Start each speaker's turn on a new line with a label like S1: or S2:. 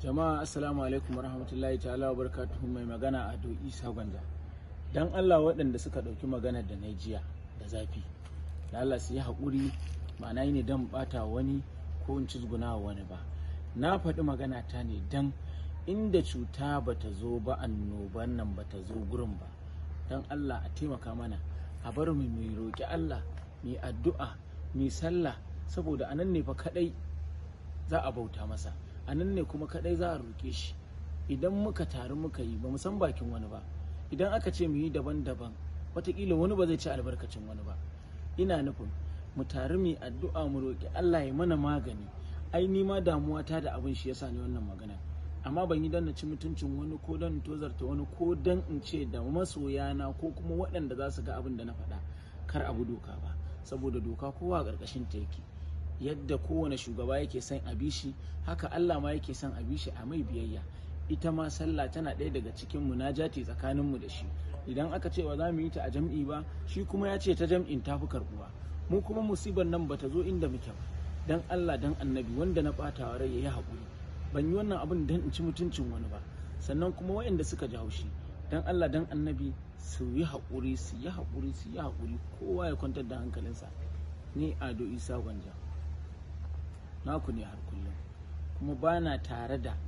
S1: jama'a assalamu alaikum warahmatullahi ta'ala wa barakatuhu mai magana a do isa gwanja dan allah waɗanda suka ɗauki magana da jiya da zafi da allah su yi haƙuri ma'ana ne dan ɓata wani ko in ci cizguna wani ba na faɗi magana ta ne dan inda cuta ba ta zo ba annoban nan ba ta zo gurin ba dan allah a taimaka mana a bar mu mu roƙi allah mu addu'a mu sallah saboda anan ne fa kaɗai za a bauta masa a nan ne kuma kadai za a roƙe shi idan muka taru muka yi ba mu san bakin wani ba idan aka ce mu yi daban-daban watakila wani ba zai ci albarkacin wani ba ina nufin mu taru mu addu'a mu roƙi Allah ya mana magani ai ni ma damuwa ta da abin shi yasa ni wannan magana amma ban yi don na ci mutuncin wani ko dan in tozarta wani ko dan in ce da masoyana ko kuma waɗanda za su ga abin da na faɗa kar abu doka ba saboda doka kowa a ƙarƙashin ta yake yadda kowane shugaba yake son a bishi haka Allah ma yake son a bishi a mai biyayya ita ma sallah tana ɗaya daga cikin munajati tsakaninmu da shi idan aka ce ba za mu yi ta a jam'i ba shi kuma ya ce ta jam'in tafi karbuwa mu kuma musibar nan bata zo inda muke ba dan Allah dan annabi wanda na ɓata rai yi haƙuri ban yi wannan abin dan in ci mutuncin wani ba sannan kuma waɗanda suka ji shi dan Allah dan annabi su yi haƙuri su yi haƙuri su yi haƙuri kowa ya kwantar da hankalinsa ni Ado Isa Gwanja naku ne har kullum kuma ba na tare da